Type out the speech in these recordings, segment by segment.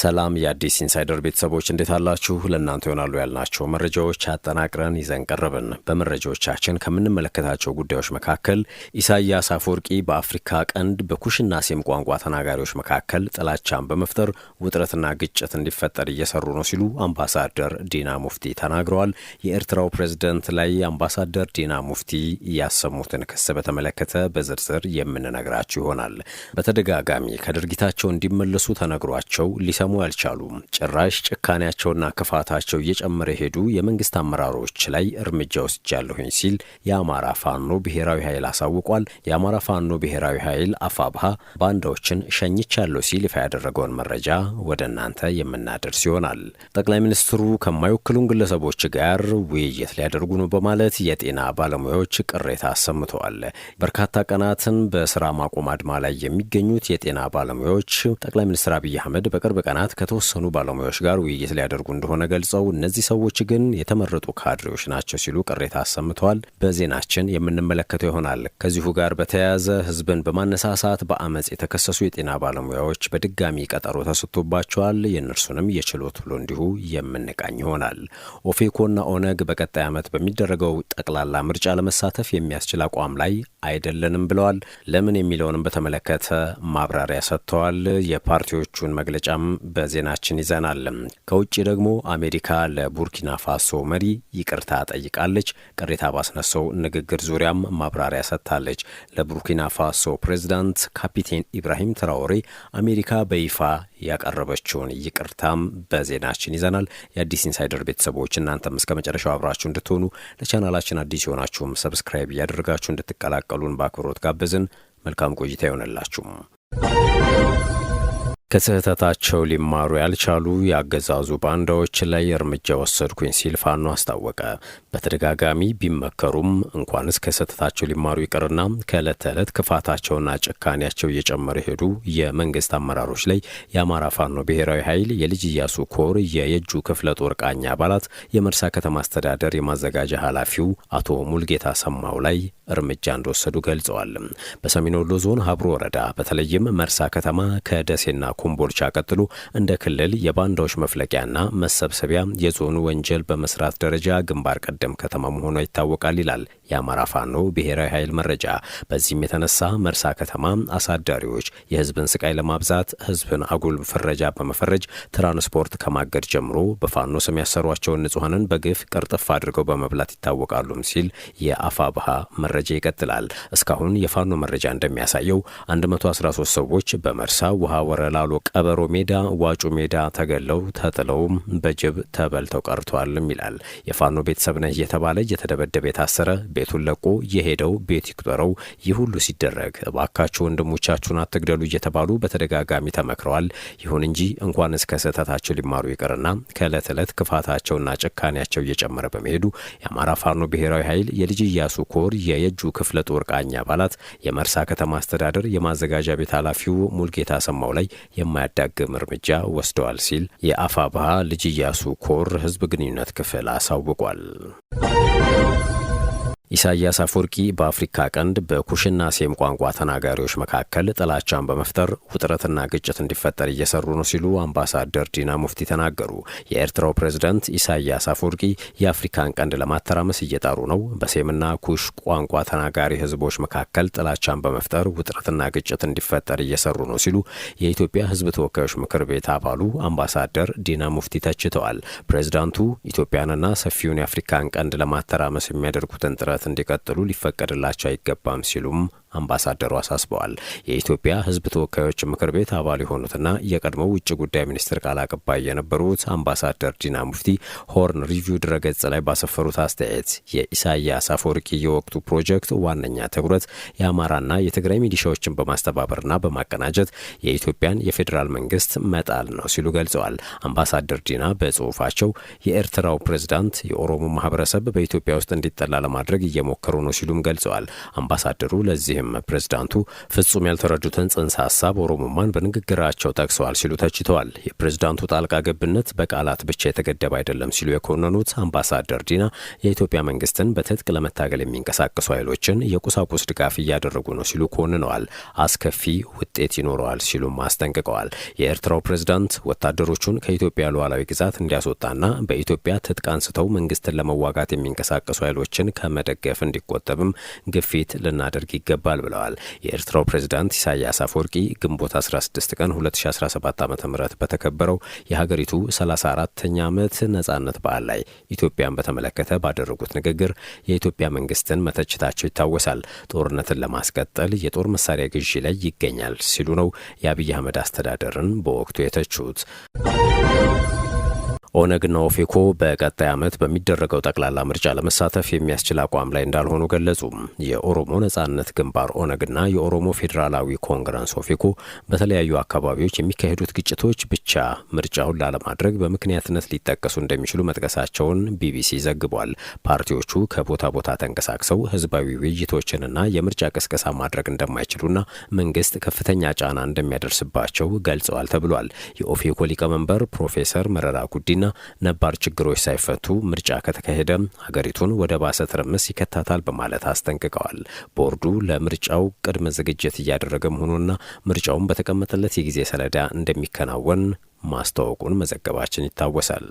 ሰላም የአዲስ ኢንሳይደር ቤተሰቦች እንዴት አላችሁ? ለእናንተ ይሆናሉ ያልናቸው መረጃዎች አጠናቅረን ይዘን ቀረብን። በመረጃዎቻችን ከምንመለከታቸው ጉዳዮች መካከል ኢሳያስ አፈወርቂ በአፍሪካ ቀንድ በኩሽና ሴም ቋንቋ ተናጋሪዎች መካከል ጥላቻን በመፍጠር ውጥረትና ግጭት እንዲፈጠር እየሰሩ ነው ሲሉ አምባሳደር ዲና ሙፍቲ ተናግረዋል። የኤርትራው ፕሬዝደንት ላይ አምባሳደር ዲና ሙፍቲ ያሰሙትን ክስ በተመለከተ በዝርዝር የምንነግራችሁ ይሆናል። በተደጋጋሚ ከድርጊታቸው እንዲመለሱ ተነግሯቸው ሊሰ ሊያዳሙ ያልቻሉም ጭራሽ ጭካኔያቸውና ክፋታቸው እየጨመረ ሄዱ የመንግስት አመራሮች ላይ እርምጃ ወስጃለሁኝ ሲል የአማራ ፋኖ ብሔራዊ ኃይል አሳውቋል። የአማራ ፋኖ ብሔራዊ ኃይል አፋብሃ ባንዳዎችን ሸኝቻለሁ ሲል ይፋ ያደረገውን መረጃ ወደ እናንተ የምናደርስ ይሆናል። ጠቅላይ ሚኒስትሩ ከማይወክሉን ግለሰቦች ጋር ውይይት ሊያደርጉ ነው በማለት የጤና ባለሙያዎች ቅሬታ አሰምተዋል። በርካታ ቀናትን በስራ ማቆም አድማ ላይ የሚገኙት የጤና ባለሙያዎች ጠቅላይ ሚኒስትር አብይ አህመድ በቅርብ ቀናት ባለሥልጣናት ከተወሰኑ ባለሙያዎች ጋር ውይይት ሊያደርጉ እንደሆነ ገልጸው እነዚህ ሰዎች ግን የተመረጡ ካድሬዎች ናቸው ሲሉ ቅሬታ አሰምተዋል። በዜናችን የምንመለከተው ይሆናል። ከዚሁ ጋር በተያያዘ ህዝብን በማነሳሳት በአመፅ የተከሰሱ የጤና ባለሙያዎች በድጋሚ ቀጠሮ ተሰጥቶባቸዋል። የእነርሱንም የችሎት ሎ እንዲሁ የምንቃኝ ይሆናል። ኦፌኮና ኦነግ በቀጣይ ዓመት በሚደረገው ጠቅላላ ምርጫ ለመሳተፍ የሚያስችል አቋም ላይ አይደለንም ብለዋል። ለምን የሚለውንም በተመለከተ ማብራሪያ ሰጥተዋል። የፓርቲዎቹን መግለጫም በዜናችን ይዘናል። ከውጭ ደግሞ አሜሪካ ለቡርኪና ፋሶ መሪ ይቅርታ ጠይቃለች። ቅሬታ ባስነሳው ንግግር ዙሪያም ማብራሪያ ሰጥታለች። ለቡርኪና ፋሶ ፕሬዚዳንት ካፒቴን ኢብራሂም ትራውሬ አሜሪካ በይፋ ያቀረበችውን ይቅርታም በዜናችን ይዘናል። የአዲስ ኢንሳይደር ቤተሰቦች እናንተም እስከ መጨረሻው አብራችሁ እንድትሆኑ ለቻናላችን አዲስ የሆናችሁም ሰብስክራይብ እያደረጋችሁ እንድትቀላቀ እንድትቀላቀሉን በአክብሮት ጋበዝን። መልካም ቆይታ ይሆነላችሁ። ከስህተታቸው ሊማሩ ያልቻሉ የአገዛዙ ባንዳዎች ላይ እርምጃ ወሰድኩኝ ሲል ፋኖ አስታወቀ። በተደጋጋሚ ቢመከሩም እንኳንስ ከስህተታቸው ሊማሩ ይቅርና ከዕለት ተዕለት ክፋታቸውና ጭካኔያቸው እየጨመረ ሄዱ የመንግስት አመራሮች ላይ የአማራ ፋኖ ብሔራዊ ኃይል የልጅ እያሱ ኮር የየጁ ክፍለ ጦር ቃኝ አባላት የመርሳ ከተማ አስተዳደር የማዘጋጃ ኃላፊው አቶ ሙልጌታ ሰማው ላይ እርምጃ እንደወሰዱ ገልጸዋል። በሰሜን ወሎ ዞን ሀብሮ ወረዳ በተለይም መርሳ ከተማ ከደሴና ኮምቦልቻ ቀጥሎ እንደ ክልል የባንዳዎች መፍለቂያና መሰብሰቢያ የዞኑ ወንጀል በመስራት ደረጃ ግንባር ቀደም ከተማ መሆኗ ይታወቃል ይላል የአማራ ፋኖ ብሔራዊ ኃይል መረጃ። በዚህም የተነሳ መርሳ ከተማ አሳዳሪዎች የህዝብን ስቃይ ለማብዛት ህዝብን አጉል ፍረጃ በመፈረጅ ትራንስፖርት ከማገድ ጀምሮ በፋኖ ስም ያሰሯቸውን ንጹሐንን በግፍ ቅርጥፍ አድርገው በመብላት ይታወቃሉም ሲል የአፋ መረጃ ይቀጥላል። እስካሁን የፋኖ መረጃ እንደሚያሳየው 113 ሰዎች በመርሳ ውሃ ወረላሎ ቀበሮ ሜዳ፣ ዋጩ ሜዳ ተገለው ተጥለውም በጅብ ተበልተው ቀርተዋልም ይላል። የፋኖ ቤተሰብ ነህ እየተባለ እየተደበደበ የታሰረ ቤቱን ለቆ የሄደው ቤት ይቁጠረው። ይህ ሁሉ ሲደረግ እባካችሁ ወንድሞቻችሁን አትግደሉ እየተባሉ በተደጋጋሚ ተመክረዋል። ይሁን እንጂ እንኳን እስከ ስህተታቸው ሊማሩ ይቅርና ከዕለት ዕለት ክፋታቸውና ጭካኔያቸው እየጨመረ በመሄዱ የአማራ ፋኖ ብሔራዊ ኃይል የልጅ እያሱ ኮር የየጁ ክፍለ ጦር ቃኝ አባላት የመርሳ ከተማ አስተዳደር የማዘጋጃ ቤት ኃላፊው ሙልጌታ ሰማው ላይ የማያዳግም እርምጃ ወስደዋል ሲል የአፋ ባህ ልጅ እያሱ ኮር ህዝብ ግንኙነት ክፍል አሳውቋል። ኢሳያስ አፈወርቂ በአፍሪካ ቀንድ በኩሽና ሴም ቋንቋ ተናጋሪዎች መካከል ጥላቻን በመፍጠር ውጥረትና ግጭት እንዲፈጠር እየሰሩ ነው ሲሉ አምባሳደር ዲና ሙፍቲ ተናገሩ። የኤርትራው ፕሬዝዳንት ኢሳያስ አፈወርቂ የአፍሪካን ቀንድ ለማተራመስ እየጣሩ ነው፣ በሴምና ኩሽ ቋንቋ ተናጋሪ ህዝቦች መካከል ጥላቻን በመፍጠር ውጥረትና ግጭት እንዲፈጠር እየሰሩ ነው ሲሉ የኢትዮጵያ ህዝብ ተወካዮች ምክር ቤት አባሉ አምባሳደር ዲና ሙፍቲ ተችተዋል። ፕሬዝዳንቱ ኢትዮጵያንና ሰፊውን የአፍሪካን ቀንድ ለማተራመስ የሚያደርጉትን ጥረት መስራት እንዲቀጥሉ ሊፈቀድላቸው አይገባም ሲሉም አምባሳደሩ አሳስበዋል። የኢትዮጵያ ሕዝብ ተወካዮች ምክር ቤት አባል የሆኑትና የቀድሞው ውጭ ጉዳይ ሚኒስትር ቃል አቀባይ የነበሩት አምባሳደር ዲና ሙፍቲ ሆርን ሪቪው ድረገጽ ላይ ባሰፈሩት አስተያየት የኢሳያስ አፈወርቂ የወቅቱ ፕሮጀክት ዋነኛ ትኩረት የአማራና የትግራይ ሚሊሻዎችን በማስተባበርና በማቀናጀት የኢትዮጵያን የፌዴራል መንግስት መጣል ነው ሲሉ ገልጸዋል። አምባሳደር ዲና በጽሁፋቸው የኤርትራው ፕሬዝዳንት የኦሮሞ ማህበረሰብ በኢትዮጵያ ውስጥ እንዲጠላ ለማድረግ እየሞከሩ ነው ሲሉም ገልጸዋል። አምባሳደሩ ለዚህም ቢሆንም ፕሬዝዳንቱ ፍጹም ያልተረዱትን ጽንሰ ሀሳብ ኦሮሞማን በንግግራቸው ጠቅሰዋል ሲሉ ተችተዋል። የፕሬዝዳንቱ ጣልቃ ገብነት በቃላት ብቻ የተገደበ አይደለም ሲሉ የኮነኑት አምባሳደር ዲና የኢትዮጵያ መንግስትን በትጥቅ ለመታገል የሚንቀሳቀሱ ኃይሎችን የቁሳቁስ ድጋፍ እያደረጉ ነው ሲሉ ኮንነዋል። አስከፊ ውጤት ይኖረዋል ሲሉም አስጠንቅቀዋል። የኤርትራው ፕሬዝዳንት ወታደሮቹን ከኢትዮጵያ ሉዓላዊ ግዛት እንዲያስወጣና በኢትዮጵያ ትጥቅ አንስተው መንግስትን ለመዋጋት የሚንቀሳቀሱ ኃይሎችን ከመደገፍ እንዲቆጠብም ግፊት ልናደርግ ይገባል ይገባል ብለዋል። የኤርትራው ፕሬዚዳንት ኢሳያስ አፈወርቂ ግንቦት 16 ቀን 2017 ዓ ም በተከበረው የሀገሪቱ 34ተኛ ዓመት ነጻነት በዓል ላይ ኢትዮጵያን በተመለከተ ባደረጉት ንግግር የኢትዮጵያ መንግስትን መተችታቸው ይታወሳል። ጦርነትን ለማስቀጠል የጦር መሳሪያ ግዢ ላይ ይገኛል ሲሉ ነው የአብይ አህመድ አስተዳደርን በወቅቱ የተቹት። ኦነግና ኦፌኮ በቀጣይ ዓመት በሚደረገው ጠቅላላ ምርጫ ለመሳተፍ የሚያስችል አቋም ላይ እንዳልሆኑ ገለጹ። የኦሮሞ ነጻነት ግንባር ኦነግና የኦሮሞ ፌዴራላዊ ኮንግረስ ኦፌኮ በተለያዩ አካባቢዎች የሚካሄዱት ግጭቶች ብቻ ምርጫውን ላለማድረግ በምክንያትነት ሊጠቀሱ እንደሚችሉ መጥቀሳቸውን ቢቢሲ ዘግቧል። ፓርቲዎቹ ከቦታ ቦታ ተንቀሳቅሰው ህዝባዊ ውይይቶችንና የምርጫ ቅስቀሳ ማድረግ እንደማይችሉና መንግስት ከፍተኛ ጫና እንደሚያደርስባቸው ገልጸዋል ተብሏል። የኦፌኮ ሊቀመንበር ፕሮፌሰር መረራ ጉዲና ነባር ችግሮች ሳይፈቱ ምርጫ ከተካሄደ ሀገሪቱን ወደ ባሰ ትርምስ ይከታታል በማለት አስጠንቅቀዋል። ቦርዱ ለምርጫው ቅድመ ዝግጅት እያደረገ መሆኑና ምርጫውን በተቀመጠለት የጊዜ ሰሌዳ እንደሚከናወን ማስታወቁን መዘገባችን ይታወሳል።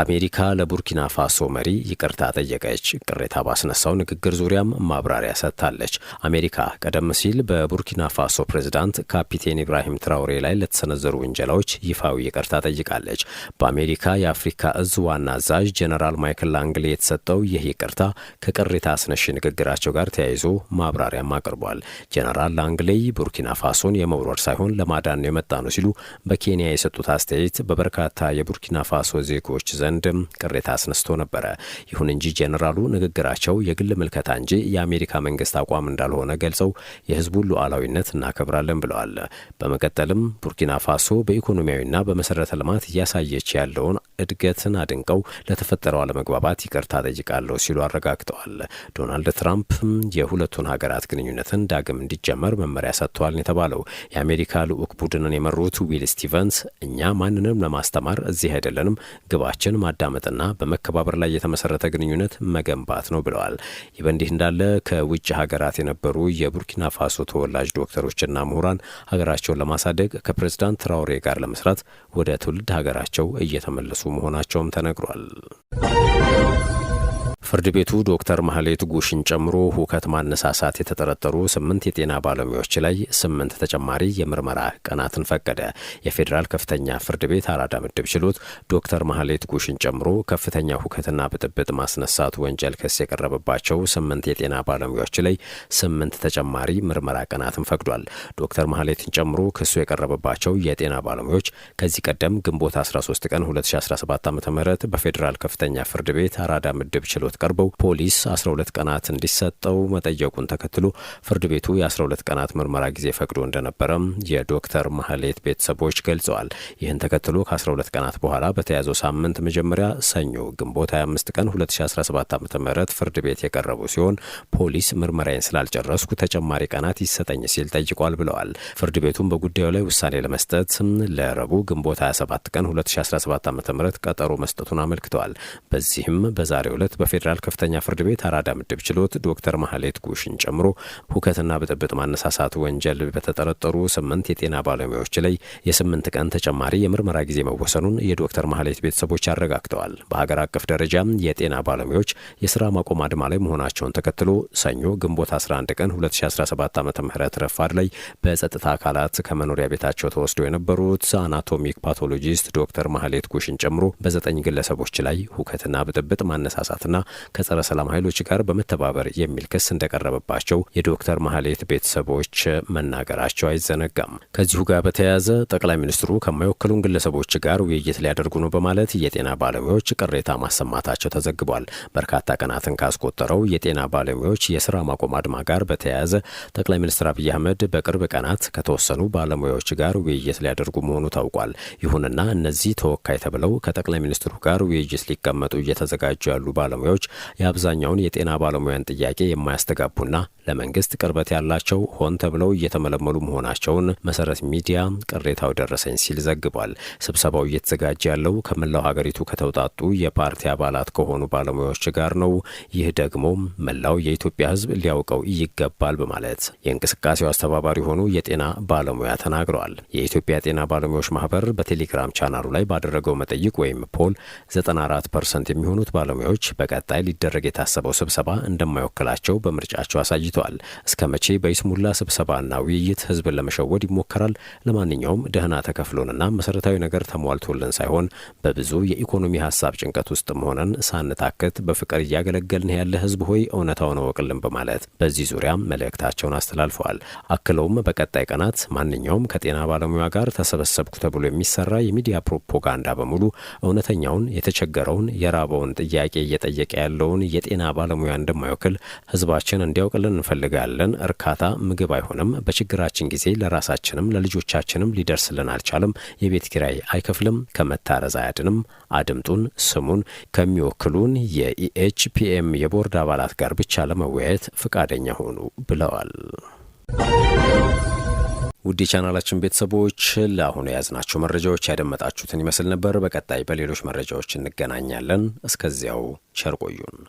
አሜሪካ ለቡርኪና ፋሶ መሪ ይቅርታ ጠየቀች። ቅሬታ ባስነሳው ንግግር ዙሪያም ማብራሪያ ሰጥታለች። አሜሪካ ቀደም ሲል በቡርኪና ፋሶ ፕሬዝዳንት ካፒቴን ኢብራሂም ትራውሬ ላይ ለተሰነዘሩ ውንጀላዎች ይፋዊ ይቅርታ ጠይቃለች። በአሜሪካ የአፍሪካ እዝ ዋና አዛዥ ጀነራል ማይክል ላንግሌ የተሰጠው ይህ ይቅርታ ከቅሬታ አስነሺ ንግግራቸው ጋር ተያይዞ ማብራሪያም አቅርቧል። ጀነራል ላንግሌይ ቡርኪና ፋሶን የመውረር ሳይሆን ለማዳን ነው የመጣ ነው ሲሉ በኬንያ የሰጡት አስተያየት በበርካታ የቡርኪና ፋሶ ዜጎች ዘንድ ቅሬታ አስነስቶ ነበረ። ይሁን እንጂ ጄኔራሉ ንግግራቸው የግል ምልከታ እንጂ የአሜሪካ መንግስት አቋም እንዳልሆነ ገልጸው የህዝቡን ሉዓላዊነት እናከብራለን ብለዋል። በመቀጠልም ቡርኪና ፋሶ በኢኮኖሚያዊና በመሰረተ ልማት እያሳየች ያለውን እድገትን አድንቀው ለተፈጠረው አለመግባባት ይቅርታ ጠይቃለሁ ሲሉ አረጋግጠዋል። ዶናልድ ትራምፕ የሁለቱን ሀገራት ግንኙነትን ዳግም እንዲጀመር መመሪያ ሰጥተዋል የተባለው። የአሜሪካ ልዑክ ቡድንን የመሩት ዊል ስቲቨንስ እኛ ማንንም ለማስተማር እዚህ አይደለንም፣ ግባችን ሀሳቦችን ማዳመጥና በመከባበር ላይ የተመሰረተ ግንኙነት መገንባት ነው ብለዋል። ይህ በእንዲህ እንዳለ ከውጭ ሀገራት የነበሩ የቡርኪና ፋሶ ተወላጅ ዶክተሮችና ምሁራን ሀገራቸውን ለማሳደግ ከፕሬዝዳንት ትራውሬ ጋር ለመስራት ወደ ትውልድ ሀገራቸው እየተመለሱ መሆናቸውም ተነግሯል። ፍርድ ቤቱ ዶክተር ማህሌት ጉሽን ጨምሮ ሁከት ማነሳሳት የተጠረጠሩ ስምንት የጤና ባለሙያዎች ላይ ስምንት ተጨማሪ የምርመራ ቀናትን ፈቀደ። የፌዴራል ከፍተኛ ፍርድ ቤት አራዳ ምድብ ችሎት ዶክተር ማህሌት ጉሽን ጨምሮ ከፍተኛ ሁከትና ብጥብጥ ማስነሳት ወንጀል ክስ የቀረበባቸው ስምንት የጤና ባለሙያዎች ላይ ስምንት ተጨማሪ ምርመራ ቀናትን ፈቅዷል። ዶክተር ማህሌትን ጨምሮ ክሱ የቀረበባቸው የጤና ባለሙያዎች ከዚህ ቀደም ግንቦት 13 ቀን 2017 ዓ ም በፌዴራል ከፍተኛ ፍርድ ቤት አራዳ ምድብ ችሎት ችሎት ቀርበው ፖሊስ 12 ቀናት እንዲሰጠው መጠየቁን ተከትሎ ፍርድ ቤቱ የ12 ቀናት ምርመራ ጊዜ ፈቅዶ እንደነበረም የዶክተር ማህሌት ቤተሰቦች ገልጸዋል። ይህን ተከትሎ ከ12 ቀናት በኋላ በተያዘው ሳምንት መጀመሪያ ሰኞ ግንቦት 25 ቀን 2017 ዓ ም ፍርድ ቤት የቀረቡ ሲሆን ፖሊስ ምርመራዬን ስላልጨረስኩ ተጨማሪ ቀናት ይሰጠኝ ሲል ጠይቋል ብለዋል። ፍርድ ቤቱም በጉዳዩ ላይ ውሳኔ ለመስጠት ለረቡዕ ግንቦት 27 ቀን 2017 ዓ ም ቀጠሮ መስጠቱን አመልክተዋል። በዚህም በዛሬው ዕለት በፌ የፌዴራል ከፍተኛ ፍርድ ቤት አራዳ ምድብ ችሎት ዶክተር ማህሌት ጉሽን ጨምሮ ሁከትና ብጥብጥ ማነሳሳት ወንጀል በተጠረጠሩ ስምንት የጤና ባለሙያዎች ላይ የስምንት ቀን ተጨማሪ የምርመራ ጊዜ መወሰኑን የዶክተር ማህሌት ቤተሰቦች አረጋግጠዋል። በሀገር አቀፍ ደረጃም የጤና ባለሙያዎች የስራ ማቆም አድማ ላይ መሆናቸውን ተከትሎ ሰኞ ግንቦት 11 ቀን 2017 ዓ ም ረፋድ ላይ በጸጥታ አካላት ከመኖሪያ ቤታቸው ተወስደው የነበሩት አናቶሚክ ፓቶሎጂስት ዶክተር ማህሌት ጉሽን ጨምሮ በዘጠኝ ግለሰቦች ላይ ሁከትና ብጥብጥ ማነሳሳትና ከጸረ ሰላም ኃይሎች ጋር በመተባበር የሚል ክስ እንደቀረበባቸው የዶክተር ማህሌት ቤተሰቦች መናገራቸው አይዘነጋም። ከዚሁ ጋር በተያያዘ ጠቅላይ ሚኒስትሩ ከማይወክሉን ግለሰቦች ጋር ውይይት ሊያደርጉ ነው በማለት የጤና ባለሙያዎች ቅሬታ ማሰማታቸው ተዘግቧል። በርካታ ቀናትን ካስቆጠረው የጤና ባለሙያዎች የስራ ማቆም አድማ ጋር በተያያዘ ጠቅላይ ሚኒስትር አብይ አህመድ በቅርብ ቀናት ከተወሰኑ ባለሙያዎች ጋር ውይይት ሊያደርጉ መሆኑ ታውቋል። ይሁንና እነዚህ ተወካይ ተብለው ከጠቅላይ ሚኒስትሩ ጋር ውይይት ሊቀመጡ እየተዘጋጁ ያሉ ባለሙያዎች ፖሊሲዎች የአብዛኛውን የጤና ባለሙያን ጥያቄ የማያስተጋቡና ለመንግስት ቅርበት ያላቸው ሆን ተብለው እየተመለመሉ መሆናቸውን መሰረት ሚዲያ ቅሬታው ደረሰኝ ሲል ዘግቧል። ስብሰባው እየተዘጋጀ ያለው ከመላው ሀገሪቱ ከተውጣጡ የፓርቲ አባላት ከሆኑ ባለሙያዎች ጋር ነው። ይህ ደግሞ መላው የኢትዮጵያ ሕዝብ ሊያውቀው ይገባል በማለት የእንቅስቃሴው አስተባባሪ የሆኑ የጤና ባለሙያ ተናግረዋል። የኢትዮጵያ ጤና ባለሙያዎች ማህበር በቴሌግራም ቻናሉ ላይ ባደረገው መጠይቅ ወይም ፖል 94 ፐርሰንት የሚሆኑት ባለሙያዎች በቀጥታ በቀጣይ ሊደረግ የታሰበው ስብሰባ እንደማይወክላቸው በምርጫቸው አሳይተዋል። እስከ መቼ በይስሙላ ስብሰባና ውይይት ህዝብን ለመሸወድ ይሞከራል? ለማንኛውም ደህና ተከፍሎንና መሰረታዊ ነገር ተሟልቶልን ሳይሆን በብዙ የኢኮኖሚ ሀሳብ ጭንቀት ውስጥ መሆነን ሳንታክት በፍቅር እያገለገልን ያለ ህዝብ ሆይ እውነታውን እወቅልን በማለት በዚህ ዙሪያም መልእክታቸውን አስተላልፈዋል። አክለውም በቀጣይ ቀናት ማንኛውም ከጤና ባለሙያ ጋር ተሰበሰብኩ ተብሎ የሚሰራ የሚዲያ ፕሮፓጋንዳ በሙሉ እውነተኛውን የተቸገረውን የራበውን ጥያቄ እየጠየቀ ያለውን የጤና ባለሙያ እንደማይወክል ህዝባችን እንዲያውቅልን እንፈልጋለን። እርካታ ምግብ አይሆንም። በችግራችን ጊዜ ለራሳችንም ለልጆቻችንም ሊደርስልን አልቻለም። የቤት ኪራይ አይከፍልም። ከመታረዝ አያድንም። አድምጡን፣ ስሙን። ከሚወክሉን የኢኤችፒኤም የቦርድ አባላት ጋር ብቻ ለመወያየት ፈቃደኛ ሆኑ ብለዋል። ውድ የቻናላችን ቤተሰቦች ለአሁኑ የያዝናቸው መረጃዎች ያደመጣችሁትን ይመስል ነበር። በቀጣይ በሌሎች መረጃዎች እንገናኛለን። እስከዚያው ቸር ቆዩን።